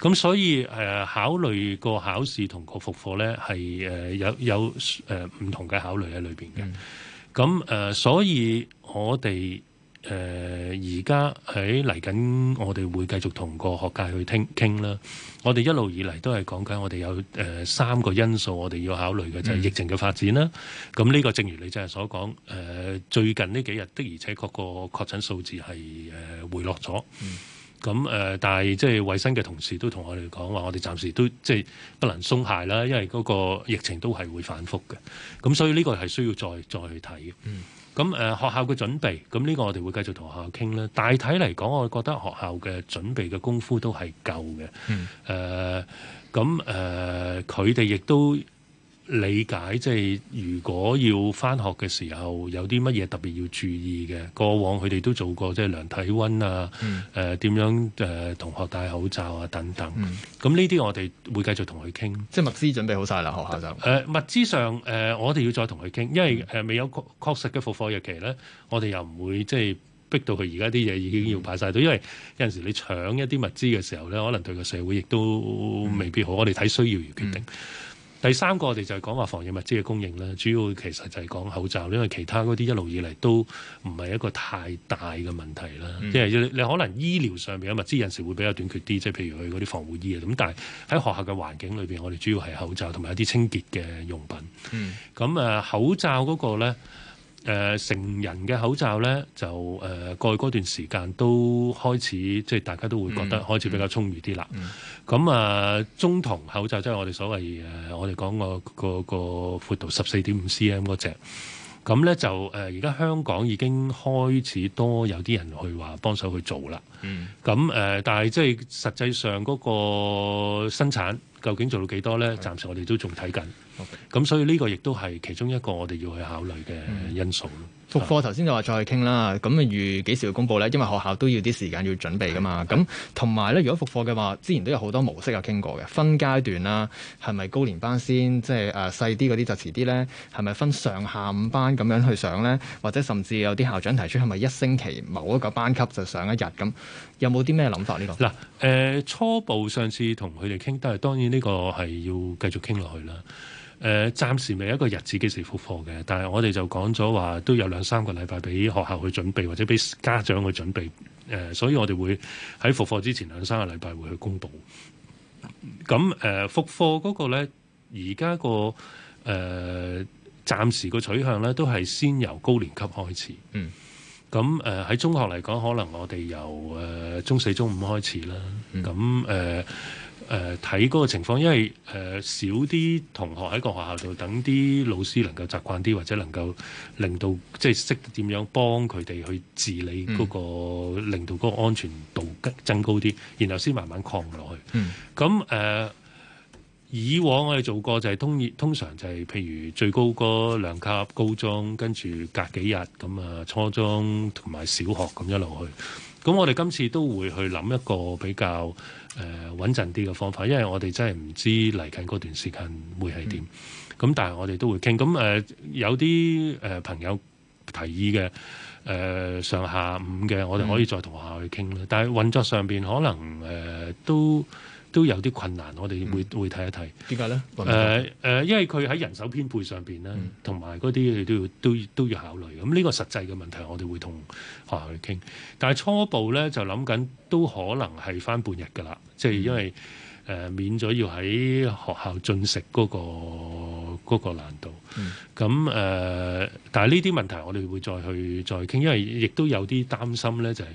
嗯、所以誒、呃、考慮個考試同個復課咧係誒有有誒唔、呃、同嘅考慮喺裏邊嘅。咁誒、嗯呃、所以我哋。誒而家喺嚟緊，呃、我哋會繼續同個學界去傾傾啦。我哋一路以嚟都係講緊，我哋有誒三個因素，我哋要考慮嘅就係、是、疫情嘅發展啦。咁呢、嗯、個正如你真係所講，誒、呃、最近呢幾日的而且確個確診數字係誒、呃、回落咗。嗯。咁誒，但係即係衞生嘅同事都同我哋講話，我哋暫時都即係不能鬆懈啦，因為嗰個疫情都係會反覆嘅。咁所以呢個係需要再再去睇嘅。咁誒、嗯呃、學校嘅準備，咁呢個我哋會繼續同學校傾啦。大體嚟講，我覺得學校嘅準備嘅功夫都係夠嘅。誒、嗯，咁誒、呃，佢哋亦都。理解即係如果要返學嘅時候有啲乜嘢特別要注意嘅，過往佢哋都做過，即係量體溫啊，誒點、嗯呃、樣誒、呃、同學戴口罩啊等等。咁呢啲我哋會繼續同佢傾。即係物資準備好晒啦，學校就誒、呃、物資上誒、呃、我哋要再同佢傾，因為誒、嗯呃、未有確確實嘅復課日期咧，我哋又唔會即係逼到佢而家啲嘢已經要排晒。到、嗯，因為有陣時你搶一啲物資嘅時候咧，可能對個社會亦都未必好，我哋睇需要而決定。嗯嗯第三個我哋就係講話防疫物資嘅供應啦，主要其實就係講口罩，因為其他嗰啲一路以嚟都唔係一個太大嘅問題啦。嗯、即係你可能醫療上邊嘅物資有時會比較短缺啲，即係譬如佢嗰啲防護衣啊。咁但係喺學校嘅環境裏邊，我哋主要係口罩同埋一啲清潔嘅用品。咁啊、嗯、口罩嗰個呢。誒、呃、成人嘅口罩咧，就誒、呃、過去嗰段時間都開始，即係大家都會覺得開始比較充裕啲啦。咁啊、嗯呃，中童口罩即係我哋所謂誒、呃，我哋講個個個闊度十四點五 cm 嗰、那、隻、個。咁咧就誒，而、呃、家香港已經開始多有啲人去話幫手去做啦。咁誒、嗯呃，但係即係實際上嗰個生產。究竟做到幾多咧？暫時我哋都仲睇緊。咁 Okay. 所以呢個亦都係其中一個我哋要去考慮嘅因素咯、嗯。復課頭先就話再去傾啦。咁啊預幾時會公佈咧？因為學校都要啲時間要準備㗎嘛。咁同埋咧，如果復課嘅話，之前都有好多模式啊傾過嘅，分階段啦，係咪高年班先？即係誒細啲嗰啲就遲啲咧？係咪分上下午班咁樣去上咧？或者甚至有啲校長提出係咪一星期某一個班級就上一日咁？有冇啲咩諗法呢個？嗱誒、啊呃，初步上次同佢哋傾都係當然。呢個係要繼續傾落去啦。誒、呃，暫時未有一個日子幾時復課嘅，但係我哋就講咗話，都有兩三個禮拜俾學校去準備，或者俾家長去準備。誒、呃，所以我哋會喺復課之前兩三個禮拜會去公布。咁誒、呃，復課嗰個呢，而家個誒、呃、暫時個取向呢，都係先由高年級開始。嗯。咁誒喺中學嚟講，可能我哋由誒、呃、中四、中五開始啦。咁誒、嗯。呃呃誒睇嗰個情況，因為誒、呃、少啲同學喺個學校度等啲老師能夠習慣啲，或者能夠令到即係識點樣幫佢哋去治理嗰、那個，嗯、令到嗰個安全度增高啲，然後先慢慢擴落去。咁誒、嗯呃、以往我哋做過就係、是、通通常就係、是、譬如最高嗰兩級高中，跟住隔幾日咁啊，初中同埋小學咁一路去。咁我哋今次都會去諗一個比較。誒穩陣啲嘅方法，因為我哋真係唔知嚟緊嗰段時間會係點。咁、嗯、但係我哋都會傾。咁誒、呃、有啲誒、呃、朋友提議嘅誒、呃、上下午嘅，我哋可以再同下去傾、嗯、但係運作上邊可能誒、呃、都。都有啲困難，我哋會、嗯、會睇一睇。點解咧？誒誒、呃呃，因為佢喺人手編配上邊咧，同埋嗰啲都要都要都要考慮。咁呢個實際嘅問題，我哋會同學校去傾。但係初步咧，就諗緊都可能係返半日噶啦。即、就、係、是、因為誒、嗯呃、免咗要喺學校進食嗰、那個嗰、那個、難度。咁誒、嗯呃，但係呢啲問題，我哋會再去再傾。因為亦都有啲擔心咧，就係、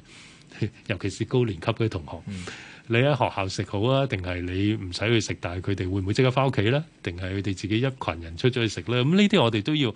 是、尤其是高年級嘅同學。嗯你喺學校食好啊？定係你唔使去食？但係佢哋會唔會即刻返屋企咧？定係佢哋自己一群人出咗去食咧？咁呢啲我哋都要，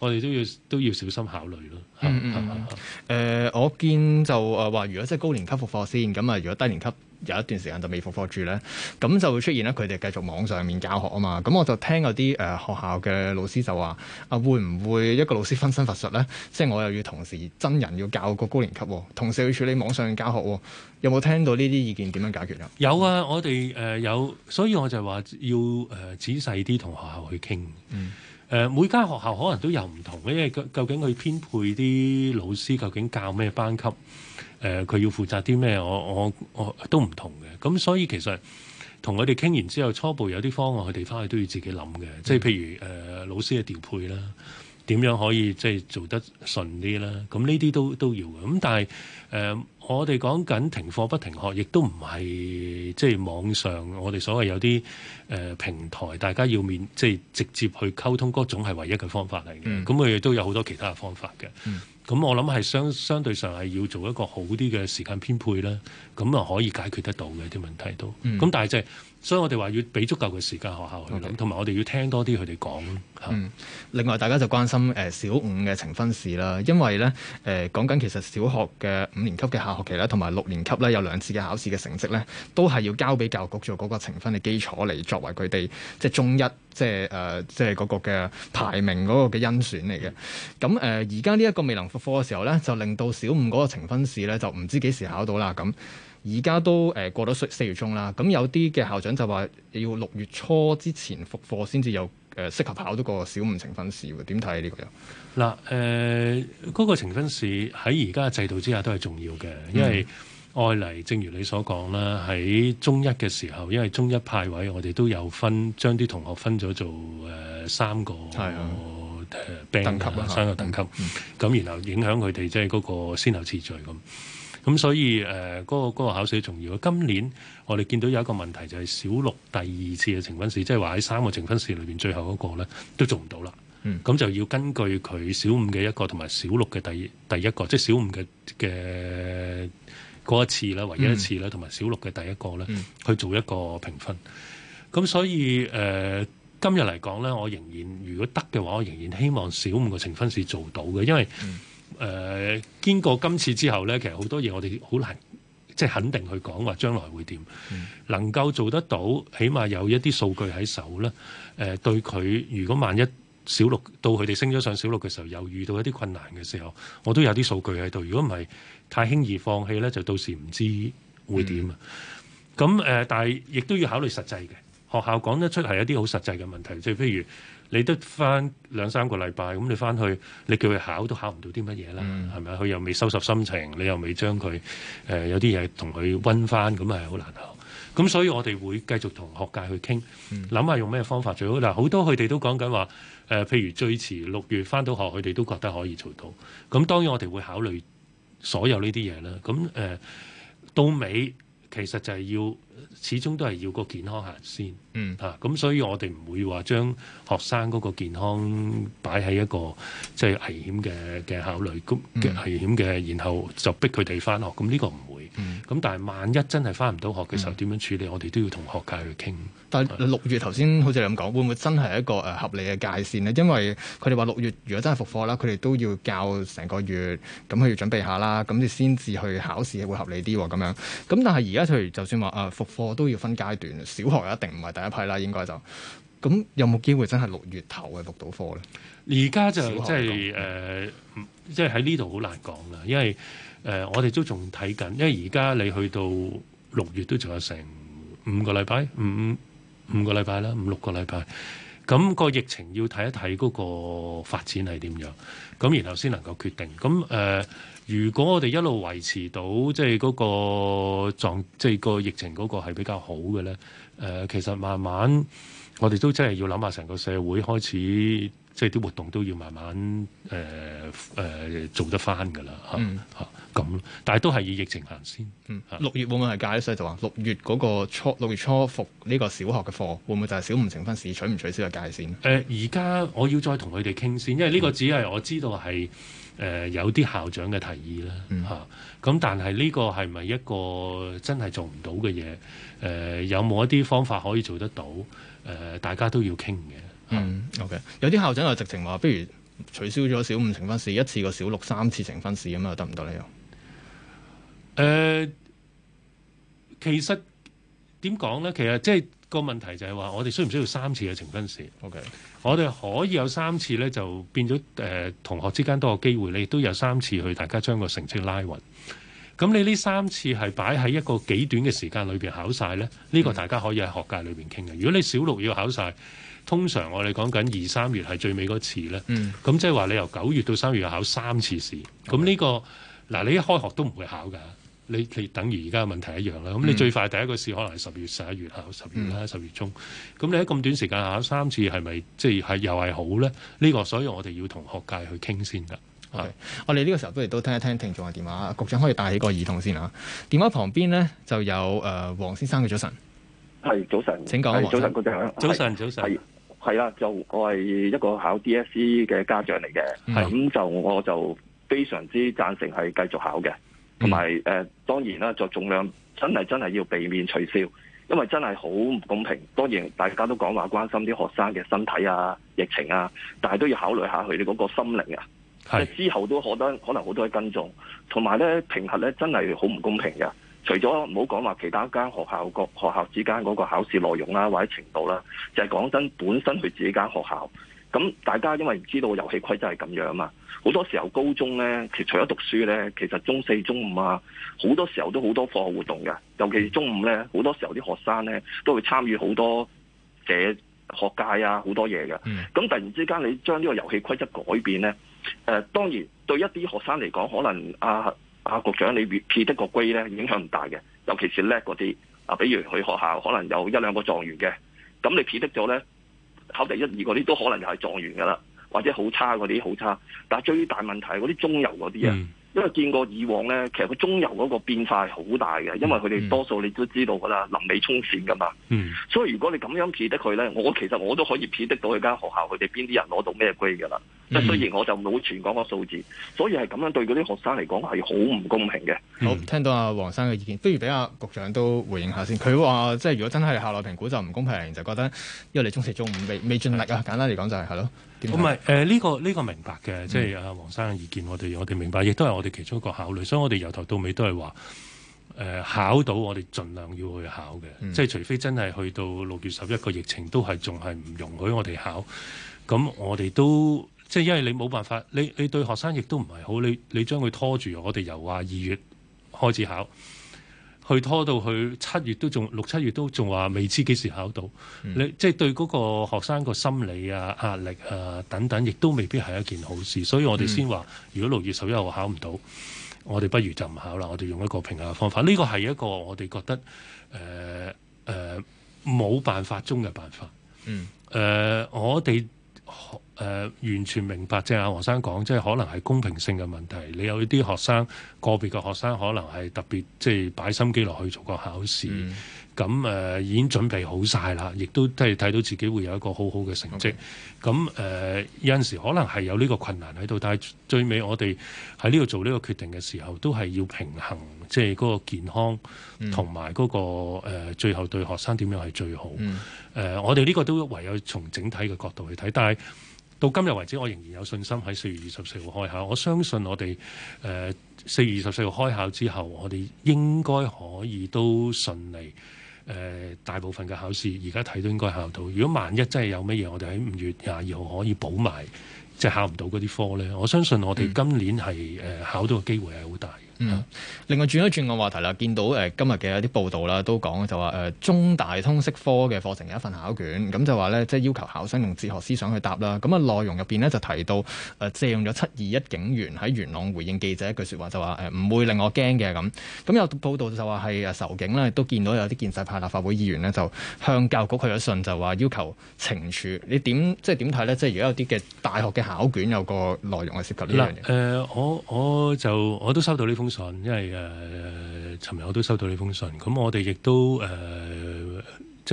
我哋都要都要小心考慮咯。嗯， 嗯、呃、我見就誒話、呃，如果即係高年級復課先，咁啊，如果低年級？有一段時間就未復課住咧，咁就會出現咧，佢哋繼續網上面教學啊嘛。咁我就聽有啲誒學校嘅老師就話：啊，會唔會一個老師分身乏術咧？即係我又要同時真人要教個高年級、哦，同時要處理網上教學、哦，有冇聽到呢啲意見點樣解決啊？有啊，我哋誒有，所以我就係話要誒仔細啲同學校去傾。嗯。誒，每間學校可能都有唔同，因為究竟佢編配啲老師究竟教咩班級？誒佢、呃、要負責啲咩？我我我都唔同嘅。咁所以其實同佢哋傾完之後，初步有啲方案，佢哋翻去都要自己諗嘅。即係、嗯、譬如誒、呃、老師嘅調配啦，點樣可以即係做得順啲啦？咁呢啲都都要嘅。咁但係誒、呃、我哋講緊停課不停學，亦都唔係即係網上我哋所謂有啲誒、呃、平台，大家要面即係直接去溝通，嗰種係唯一嘅方法嚟嘅。咁佢哋都有好多其他嘅方法嘅。嗯咁我諗係相相對上係要做一個好啲嘅時間編配啦，咁啊可以解決得到嘅啲問題都。咁、嗯、但係就係、是。所以我哋話要俾足夠嘅時間學校去諗，同埋 Okay. 我哋要聽多啲佢哋講。嗯，另外大家就關心誒、呃、小五嘅呈分試啦，因為咧誒、呃、講緊其實小學嘅五年級嘅下學期啦，同埋六年級咧有兩次嘅考試嘅成績咧，都係要交俾教育局做嗰個呈分嘅基礎嚟作為佢哋即係中一即係誒、呃、即係嗰個嘅排名嗰個嘅甄選嚟嘅。咁誒而家呢一個未能復課嘅時候咧，就令到小五嗰個呈分試咧就唔知幾時考到啦咁。而家都誒過咗四月中啦，咁有啲嘅校長就話要六月初之前復課先至有誒、呃、適合考到個小五成分試嘅，點睇呢個樣？嗱誒，嗰、呃那個成分試喺而家嘅制度之下都係重要嘅，因為外嚟、嗯、正如你所講啦，喺中一嘅時候，因為中一派位，我哋都有分將啲同學分咗做誒、呃、三個係啊的、呃、等級啊，三個等級，咁、嗯、然後影響佢哋即係嗰個先後次序咁。咁所以誒，呃那個、那個考試重要啊！今年我哋見到有一個問題，就係、是、小六第二次嘅呈分試，即係話喺三個呈分試裏邊，最後一個咧，都做唔到啦。咁、嗯、就要根據佢小五嘅一個同埋小六嘅第第一個，即係小五嘅嘅嗰一次咧，唯一一次咧，同埋、嗯、小六嘅第一個咧，嗯、去做一個評分。咁所以誒、呃，今日嚟講咧，我仍然如果得嘅話，我仍然希望小五嘅呈分試做到嘅，因為。嗯誒、呃、經過今次之後呢，其實好多嘢我哋好難即係肯定去講話將來會點。嗯、能夠做得到，起碼有一啲數據喺手啦。誒、呃，對佢如果萬一小六到佢哋升咗上小六嘅時候，又遇到一啲困難嘅時候，我都有啲數據喺度。如果唔係太輕易放棄呢，就到時唔知會點啊。咁誒、嗯呃，但係亦都要考慮實際嘅學校講得出係一啲好實際嘅問題，即係譬如。你得翻兩三個禮拜，咁你翻去，你叫佢考都考唔到啲乜嘢啦，係咪、嗯？佢又未收拾心情，你又未將佢誒、呃、有啲嘢同佢溫翻，咁係好難考。咁所以我哋會繼續同學界去傾，諗下用咩方法最好。嗱、呃，好多佢哋都講緊話誒，譬如最遲六月翻到學，佢哋都覺得可以做到。咁當然我哋會考慮所有呢啲嘢啦。咁誒、呃、到尾其實就係要。始終都係要個健康行先，嗯，吓、啊，咁，所以我哋唔會話將學生個健康擺喺一個即係、就是、危險嘅嘅考慮咁嘅危險嘅，嗯、然後就逼佢哋返學，咁呢個唔會。嗯，咁但係萬一真係翻唔到學嘅時候，點、嗯、樣處理？我哋都要同學界去傾。但係六月頭先好似你咁講，會唔會真係一個誒合理嘅界線呢？因為佢哋話六月如果真係復課啦，佢哋都要教成個月，咁佢要準備下啦，咁你先至去考試會合理啲咁樣。咁但係而家譬如就算話啊復課都要分階段，小學一定唔係第一批啦，應該就咁有冇機會真係六月頭去復到課呢？而家就、呃、即係誒，即係喺呢度好難講啦，因為。誒、呃，我哋都仲睇緊，因為而家你去到六月都仲有成五個禮拜，五五個禮拜啦，五六個禮拜。咁、個疫情要睇一睇嗰個發展係點樣，咁然後先能夠決定。咁誒、呃，如果我哋一路維持到即係嗰個狀，即係、就是、個疫情嗰個係比較好嘅咧。誒、呃，其實慢慢我哋都真係要諗下成個社會開始。即係啲活動都要慢慢誒誒、呃呃、做得返㗎喇嚇嚇，咁，但係都係以疫情行先。嗯啊、六月會唔會係界？所以就話六月嗰個初六月初復呢個小學嘅課，會唔會就係小五呈分試取唔取消嘅界線？誒、呃，而家我要再同佢哋傾先，因為呢個只係我知道係誒、呃、有啲校長嘅提議啦嚇。咁、啊、但係呢個係咪一個真係做唔到嘅嘢？誒、呃，有冇一啲方法可以做得到？誒、呃，大家都要傾嘅。嗯，OK。有啲校長就直情話，不如取消咗小五成分試，一次個小六三次成分試咁啊，得唔得咧？又誒、呃，其實點講呢？其實即係個問題就係話，我哋需唔需要三次嘅成分試？OK，我哋可以有三次呢，就變咗誒、呃、同學之間都有機會，你亦都有三次去大家將個成績拉匀。咁你呢三次係擺喺一個幾短嘅時間裏邊考晒呢？呢、嗯、個大家可以喺學界裏邊傾嘅。如果你小六要考晒。通常我哋講緊二三月係最尾嗰次咧，咁、嗯、即係話你由九月到三月考三次試，咁呢、嗯，呢個嗱你一開學都唔會考㗎，你你等於而家嘅問題一樣啦。咁、嗯、你最快第一個試可能係十月十一月考十月啦，十、嗯、月中。咁你喺咁短時間考三次係咪即係係又係好咧？呢、呢個所以我哋要同學界去傾先㗎。係，okay. 我哋呢個時候不如都聽一聽聽眾嘅電話。局長可以帶起個耳筒先嚇。電話旁邊呢就有誒、呃、黃先生嘅早晨，係早晨。請講，早晨，早晨，早晨是。係啦，啊，就我係一個考 DSE 嘅家長嚟嘅。係咁、嗯、就我就非常之贊成係繼續考嘅，同埋誒當然啦，就盡量真係真係要避免取消，因為真係好唔公平。當然大家都講話關心啲學生嘅身體啊、疫情啊，但係都要考慮下佢哋嗰個心靈啊，係是之後都好多可能好多跟蹤，同埋咧平衡咧真係好唔公平嘅。除咗唔好講話其他間學校個學校之間嗰個考試內容啦，或者程度啦，就係講真，本身佢自己間學校，咁大家因為唔知道遊戲規則係咁樣啊嘛，好多時候高中咧，其實除咗讀書咧，其實中四、中五啊，好多時候都好多課外活動嘅，尤其中五咧，好多時候啲學生咧都會參與好多社學界啊，好多嘢嘅。咁突然之間你將呢個遊戲規則改變咧，誒、呃、當然對一啲學生嚟講，可能啊。啊，局長，你撇得個 grade 咧，影響唔大嘅。尤其是叻嗰啲，啊，比如去學校可能有一兩個狀元嘅，咁你撇得咗咧，考第一二嗰啲都可能就係狀元噶啦，或者好差嗰啲好差。但係最大問題係嗰啲中游嗰啲啊。嗯因為見過以往咧，其實佢中游嗰個變化係好大嘅，因為佢哋多數你都知道㗎啦，臨尾沖線㗎嘛。嗯。所以如果你咁樣撇得佢咧，我其實我都可以撇得到佢間學校級級，佢哋邊啲人攞到咩 grade 㗎啦。即係雖然我就冇全講個數字，所以係咁樣對嗰啲學生嚟講係好唔公平嘅。嗯、好，聽到阿黃生嘅意見，不如俾阿局長都回應下先。佢話即係如果真係校內評估就唔公平，就覺得因為你中四中五未未盡力啊，簡單嚟講就係係咯。嗯唔係，誒呢、呃這個呢、這個明白嘅，嗯、即係阿黃生嘅意見，我哋我哋明白，亦都係我哋其中一個考慮，所以我哋由頭到尾都係話誒考到我哋盡量要去考嘅，嗯、即係除非真係去到六月十一個疫情都係仲係唔容許我哋考，咁我哋都即係因為你冇辦法，你你對學生亦都唔係好，你你將佢拖住，我哋由話二月開始考。佢拖到去七月都仲六七月都仲話未知幾時考到，你、嗯、即係對嗰個學生個心理啊壓力啊等等，亦都未必係一件好事。所以我哋先話、嗯、如果六月十一號考唔到，我哋不如就唔考啦。我哋用一個平衡嘅方法，呢個係一個我哋覺得誒誒冇辦法中嘅辦法。嗯，誒、呃、我哋。誒、呃、完全明白，即係阿黃生講，即係可能係公平性嘅問題。你有啲學生個別嘅學生，學生可能係特別即係擺心機落去做個考試，咁誒、嗯呃、已經準備好晒啦，亦都即係睇到自己會有一個好好嘅成績，咁誒 Okay.、呃、有陣時可能係有呢個困難喺度，但係最尾我哋喺呢度做呢個決定嘅時候，都係要平衡，即係嗰個健康同埋嗰個誒、呃、最後對學生點樣係最好。誒、嗯呃，我哋呢個都唯有從整體嘅角度去睇，但係。到今日為止，我仍然有信心喺四月二十四號開考。我相信我哋誒四月二十四號開考之後，我哋應該可以都順利誒、呃、大部分嘅考試。而家睇都應該考到。如果萬一真係有乜嘢，我哋喺五月廿二號可以補埋，即係考唔到嗰啲科呢。我相信我哋今年係誒、嗯呃、考到嘅機會係好大。嗯、另外轉一轉個話題啦，見到誒今日嘅有啲報道啦，都講就話誒、呃、中大通識科嘅課程有一份考卷，咁就話呢，即係要求考生用哲學思想去答啦。咁啊內容入邊呢，就提到誒、呃、借用咗七二一警員喺元朗回應記者一句説話，就話唔、呃、會令我驚嘅咁。咁有報道就話係誒仇警呢，都見到有啲建制派立法會議員呢，就向教育局去咗信，就話要求懲處。你點即係點睇呢？即係如果有啲嘅大學嘅考卷有個內容係涉及呢樣嘢。嗱、呃、我我就我都收到呢封信，因為誒尋日，呃，我都收到呢封信，咁我哋亦都誒。呃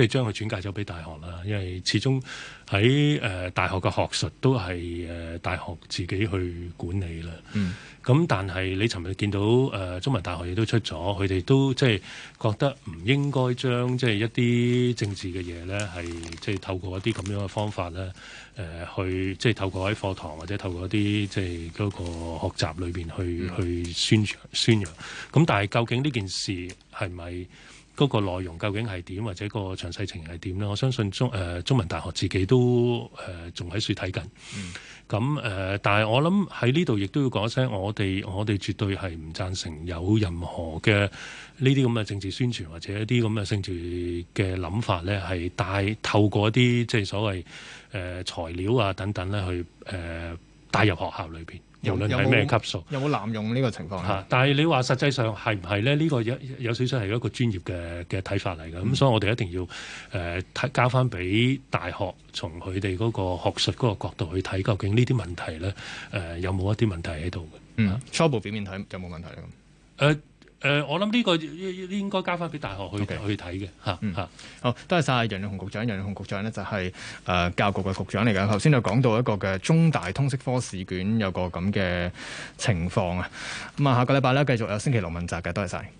即係將佢轉介咗俾大學啦，因為始終喺誒、呃、大學嘅學術都係誒、呃、大學自己去管理啦。咁、嗯嗯、但係你尋日見到誒、呃、中文大學亦都出咗，佢哋都即係覺得唔應該將即係一啲政治嘅嘢咧，係即係透過一啲咁樣嘅方法咧，誒、呃、去即係透過喺課堂或者透過一啲即係嗰、嗰個學習裏邊去、嗯、去宣傳宣揚。咁、嗯、但係究竟呢件事係咪？嗰個內容究竟係點，或者個詳細情形係點呢？我相信中誒、呃、中文大學自己都誒仲喺處睇緊。咁、呃、誒、嗯呃，但係我諗喺呢度亦都要講一聲，我哋我哋絕對係唔贊成有任何嘅呢啲咁嘅政治宣傳，或者一啲咁嘅政治嘅諗法咧，係帶透過一啲即係所謂誒、呃、材料啊等等咧，去誒、呃、帶入學校裏邊。無論係咩級數，有冇濫用呢個情況？嚇！但係你話實際上係唔係咧？呢、這個有有少少係一個專業嘅嘅睇法嚟嘅。咁、嗯、所以我哋一定要誒交翻俾大學，從佢哋嗰個學術嗰個角度去睇，究竟呢啲問題咧誒、呃、有冇一啲問題喺度嘅？嗯，初步表面睇有冇問題咯。誒、呃。誒、呃，我諗呢個應應該交翻俾大學去 Okay. 去睇嘅嚇嚇。好，多謝晒，楊潤雄局長。楊潤雄局長咧就係、是、誒、呃、教育局嘅局長嚟嘅。頭先就講到一個嘅中大通識科試卷有個咁嘅情況啊。咁啊，下個禮拜咧繼續有星期六問責嘅。多謝晒。